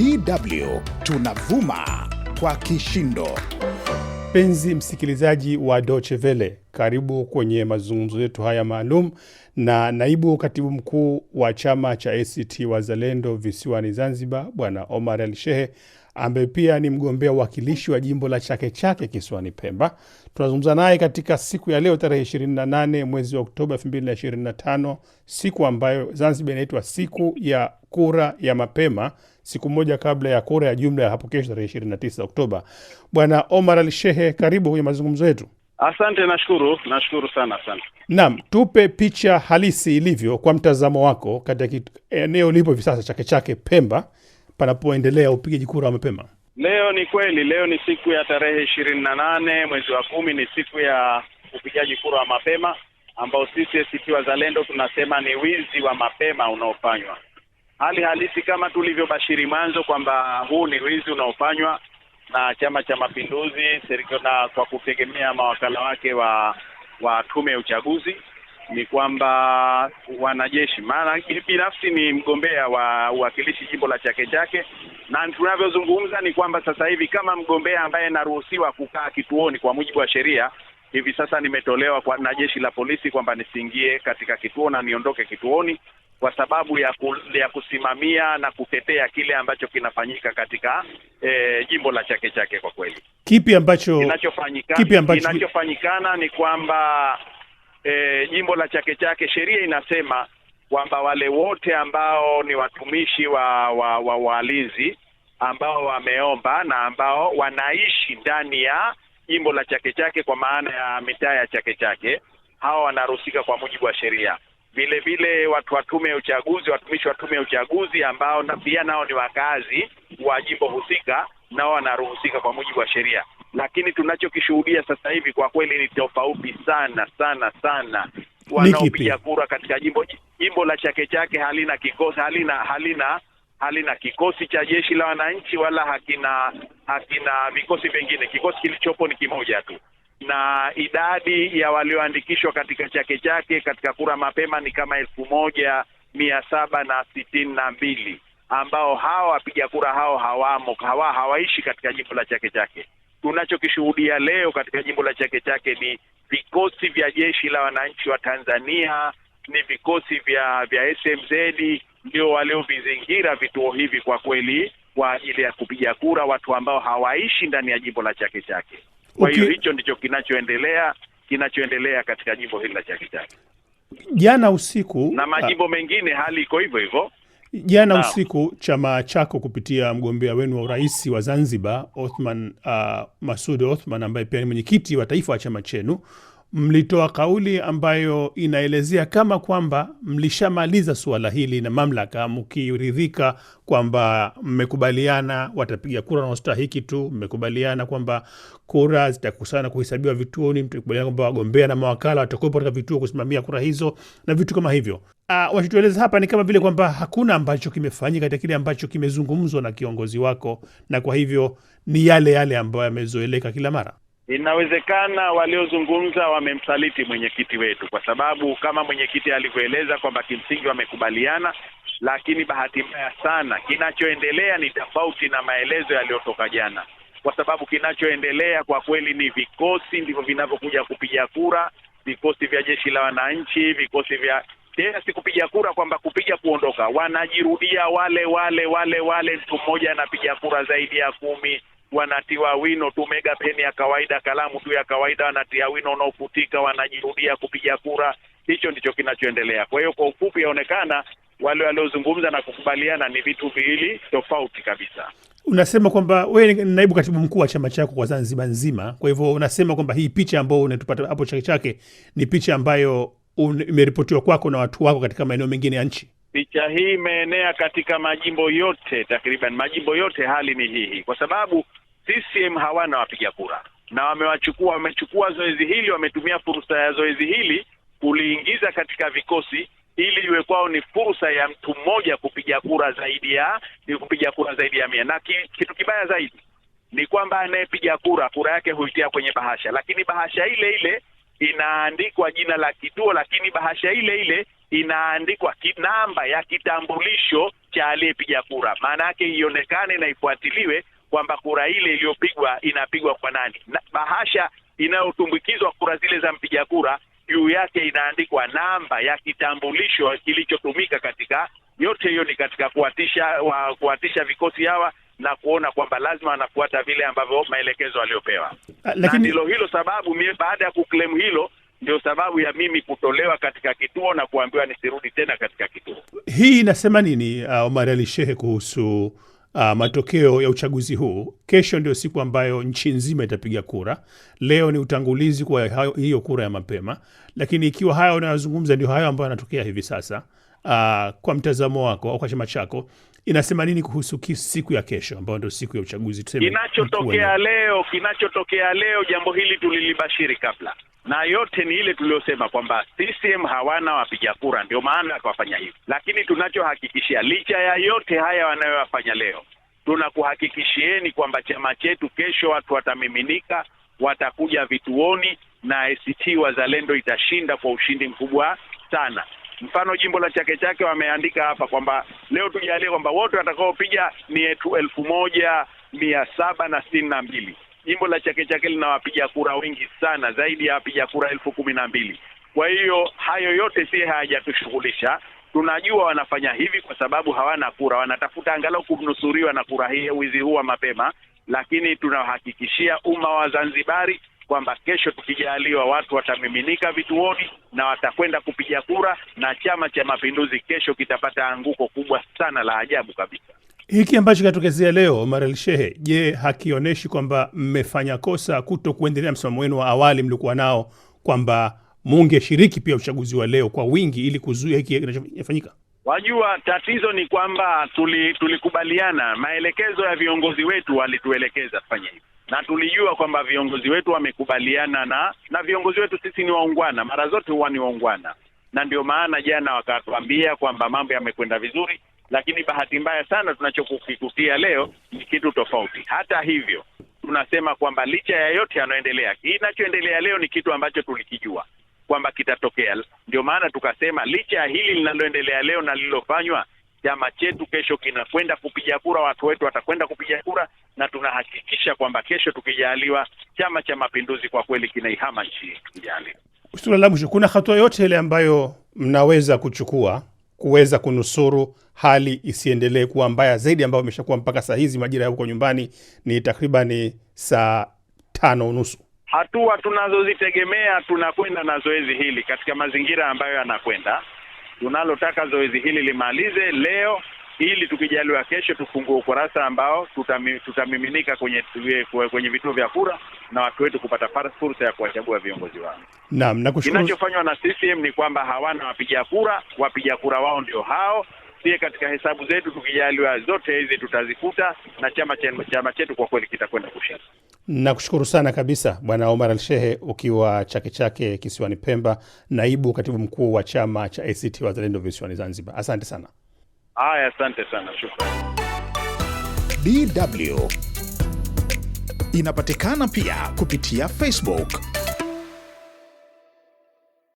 DW tunavuma kwa kishindo. Mpenzi msikilizaji wa Deutsche Welle, karibu kwenye mazungumzo yetu haya maalum na naibu katibu mkuu wa chama cha ACT Wazalendo visiwani Zanzibar, Bwana Omar Al Shehe ambaye pia ni mgombea uwakilishi wa jimbo la Chake Chake kisiwani Pemba. Tunazungumza naye katika siku ya leo tarehe 28 mwezi wa Oktoba 2025, siku ambayo Zanzibar inaitwa siku ya kura ya mapema, siku moja kabla ya kura ya jumla ya hapo kesho tarehe 29 Oktoba. Bwana Omar Ali Shehe, karibu kwenye mazungumzo yetu. Asante, nashukuru, nashukuru sana, asante. Naam, tupe picha halisi ilivyo kwa mtazamo wako katika eneo lipo hivi sasa Chake Chake Pemba panapoendelea upigaji kura wa mapema? Leo ni kweli, leo ni siku ya tarehe ishirini na nane mwezi wa kumi, ni siku ya upigaji kura wa mapema ambao sisi ACT Wazalendo tunasema ni wizi wa mapema unaofanywa. Hali halisi kama tulivyobashiri mwanzo kwamba huu ni wizi unaofanywa na Chama cha Mapinduzi serikali na kwa kutegemea mawakala wake wa wa tume ya uchaguzi ni kwamba wanajeshi, maana binafsi ni mgombea wa uwakilishi jimbo la Chake Chake, na tunavyozungumza ni kwamba sasa hivi kama mgombea ambaye naruhusiwa kukaa kituoni kwa mujibu wa sheria, hivi sasa nimetolewa kwa na jeshi la polisi kwamba nisiingie katika kituo na niondoke kituoni kwa sababu ya, ku, ya kusimamia na kutetea kile ambacho kinafanyika katika e, jimbo la Chake Chake. Kwa kweli kipi ambacho kinachofanyikana, kipi ambacho... kinachofanyikana ni kwamba eh, jimbo la Chake Chake sheria inasema kwamba wale wote ambao ni watumishi wa wa walinzi wa ambao wameomba na ambao wanaishi ndani ya jimbo la Chake Chake kwa maana ya mitaa ya Chake Chake, hawa wanaruhusika kwa mujibu wa sheria. Vile vile watu wa tume ya uchaguzi, watumishi wa tume ya uchaguzi ambao pia nao ni wakazi wa jimbo husika, nao wanaruhusika kwa mujibu wa sheria lakini tunachokishuhudia sasa hivi kwa kweli ni tofauti sana sana sana. Wanaopiga kura katika jimbo jimbo la Chake Chake halina kikosi, halina halina halina kikosi cha jeshi la wananchi wala hakina hakina vikosi vingine. Kikosi kilichopo ni kimoja tu, na idadi ya walioandikishwa katika Chake Chake katika kura mapema ni kama elfu moja mia saba na sitini na mbili ambao hawa wapiga kura hao hawamo hawa hawaishi katika jimbo la Chake Chake tunachokishuhudia leo katika jimbo la Chake Chake ni vikosi vya jeshi la wananchi wa Tanzania, ni vikosi vya vya SMZ ndio waliovizingira vituo hivi kwa kweli, kwa ajili ya kupiga kura watu ambao hawaishi ndani ya jimbo la Chake Chake. Kwa hiyo okay, hicho ndicho kinachoendelea kinachoendelea katika jimbo hili la Chake Chake jana usiku, na majimbo ah, mengine hali iko hivyo hivyo. Jana usiku chama chako kupitia mgombea wenu wa urais wa Zanzibar Othman, uh, Masud Othman ambaye pia ni mwenyekiti wa taifa wa chama chenu mlitoa kauli ambayo inaelezea kama kwamba mlishamaliza suala hili na mamlaka, mkiridhika kwamba mmekubaliana watapiga kura wanaostahiki tu, mmekubaliana kwamba kura zitakusana kuhesabiwa vituoni, mtakubaliana kwamba wagombea na mawakala watakuwepo katika vituo kusimamia kura hizo na vitu kama hivyo. Uh, ah, wachotueleza hapa ni kama vile kwamba hakuna ambacho kimefanyika katika kile ambacho kimezungumzwa na kiongozi wako, na kwa hivyo ni yale yale ambayo yamezoeleka kila mara. Inawezekana waliozungumza wamemsaliti mwenyekiti wetu, kwa sababu kama mwenyekiti alivyoeleza kwamba kimsingi wamekubaliana, lakini bahati mbaya sana kinachoendelea ni tofauti na maelezo yaliyotoka jana, kwa sababu kinachoendelea kwa kweli ni vikosi ndivyo vinavyokuja kupiga kura, vikosi vya jeshi la wananchi, vikosi vya tena si kupiga kura kwamba kupiga kuondoka, wanajirudia wale wale wale wale. Mtu mmoja anapiga kura zaidi ya kumi, wanatiwa wino tu mega peni ya kawaida, kalamu tu ya kawaida, wanatia wino unaofutika, wanajirudia kupiga kura. Hicho ndicho kinachoendelea. Kwa hiyo, kwa ufupi, yaonekana wale waliozungumza na kukubaliana ni vitu viwili tofauti kabisa. Unasema kwamba wewe ni naibu katibu mkuu wa chama chako kwa Zanzibar nzima, kwa hivyo unasema kwamba hii picha ambayo unatupata hapo Chake Chake ni picha ambayo imeripotiwa kwako na watu wako katika maeneo mengine ya nchi. Picha hii imeenea katika majimbo yote, takriban majimbo yote, hali ni hii kwa sababu CCM hawana wapiga kura na wamewachukua, wamechukua zoezi hili, wametumia fursa ya zoezi hili kuliingiza katika vikosi ili iwe kwao ni fursa ya mtu mmoja kupiga kura zaidi ya ni kupiga kura zaidi ya mia. Na kitu kibaya zaidi ni kwamba anayepiga kura kura yake huitia kwenye bahasha, lakini bahasha ile ile inaandikwa jina la kituo, lakini bahasha ile ile inaandikwa namba ya kitambulisho cha aliyepiga kura. Maana yake ionekane na ifuatiliwe kwamba kura ile iliyopigwa inapigwa kwa nani, na bahasha inayotumbukizwa kura zile za mpiga kura juu yake inaandikwa namba ya kitambulisho kilichotumika katika yote hiyo. Ni katika kuwatisha wa, vikosi hawa na kuona kwamba lazima wanafuata vile ambavyo maelekezo waliopewa. Ah, lakini ndilo hilo sababu mie, baada ya kuklemu hilo ndio sababu ya mimi kutolewa katika kituo na kuambiwa nisirudi tena katika kituo. Hii inasema nini ah, Omar Ali Shehe kuhusu uh, matokeo ya uchaguzi huu. Kesho ndio siku ambayo nchi nzima itapiga kura. Leo ni utangulizi kwa hiyo kura ya mapema, lakini ikiwa hayo unayozungumza ndio hayo ambayo yanatokea hivi sasa, uh, kwa mtazamo wako au kwa chama chako inasema nini kuhusu siku ya kesho ambayo ndio siku ya uchaguzi? Tuseme kinachotokea leo, kinachotokea leo, jambo hili tulilibashiri kabla, na yote ni ile tuliyosema kwamba CCM hawana wapiga kura, ndio maana akawafanya hivi. Lakini tunachohakikishia, licha ya yote haya wanayoyafanya leo, tunakuhakikishieni kwamba chama chetu kesho watu watamiminika, watakuja vituoni na ACT Wazalendo itashinda kwa ushindi mkubwa sana. Mfano jimbo la Chake Chake wameandika hapa kwamba leo tujalie kwamba wote watakaopiga ni etu elfu moja mia saba na sitini na mbili. Jimbo la Chake Chake lina wapiga kura wengi sana zaidi ya wapiga kura elfu kumi na mbili. Kwa hiyo hayo yote si hayajatushughulisha. Tunajua wanafanya hivi kwa sababu hawana kura, wanatafuta angalau kunusuriwa na kura hii, wizi huu wa mapema, lakini tunahakikishia umma wa Zanzibari kwamba kesho tukijaliwa, watu watamiminika vituoni na watakwenda kupiga kura, na Chama cha Mapinduzi kesho kitapata anguko kubwa sana la ajabu kabisa. Hiki ambacho kinatokezea leo, Marel Shehe, je, hakionyeshi kwamba mmefanya kosa kuto kuendelea msimamo wenu wa awali mliokuwa nao kwamba mungeshiriki pia uchaguzi wa leo kwa wingi ili kuzuia hiki kinachofanyika? Wajua, tatizo ni kwamba tulikubaliana, tuli maelekezo ya viongozi wetu walituelekeza tufanye hivo na tulijua kwamba viongozi wetu wamekubaliana na na viongozi wetu sisi ni waungwana, mara zote huwa ni waungwana, na ndio maana jana wakatuambia kwamba mambo yamekwenda vizuri, lakini bahati mbaya sana tunachokukikutia leo ni kitu tofauti. Hata hivyo, tunasema kwamba licha ya yote yanayoendelea, kinachoendelea leo ni kitu ambacho tulikijua kwamba kitatokea. Ndio maana tukasema licha ya hili linaloendelea leo na lililofanywa chama chetu kesho kinakwenda kupiga kura, watu wetu watakwenda kupiga kura, na tunahakikisha kwamba kesho tukijaliwa, Chama cha Mapinduzi kwa kweli kinaihama nchi tukijaliwa. la mwisho, kuna hatua yote ile ambayo mnaweza kuchukua kuweza kunusuru hali isiendelee kuwa mbaya zaidi ambayo imeshakuwa mpaka saa hizi majira ya huko nyumbani ni takribani saa tano unusu. Hatua tunazozitegemea, tunakwenda na zoezi hili katika mazingira ambayo yanakwenda tunalotaka zoezi hili limalize leo ili tukijaliwa kesho tufungue ukurasa ambao tutami, tutamiminika kwenye eh, kwenye vituo vya kura na watu wetu kupata fursa ya kuwachagua viongozi wao. Naam, nakushukuru. Kinachofanywa na CCM ni kwamba hawana wapiga kura, wapiga kura wao ndio hao pia katika hesabu zetu tukijaliwa zote hizi tutazifuta na chama chama chetu kwa kweli kitakwenda kushinda. Nakushukuru sana kabisa Bwana Omar Alshehe, ukiwa Chake Chake kisiwani Pemba, naibu katibu mkuu wa chama cha ACT Wazalendo visiwani Zanzibar. Asante sana. Haya, asante sana, shukrani. DW inapatikana pia kupitia Facebook.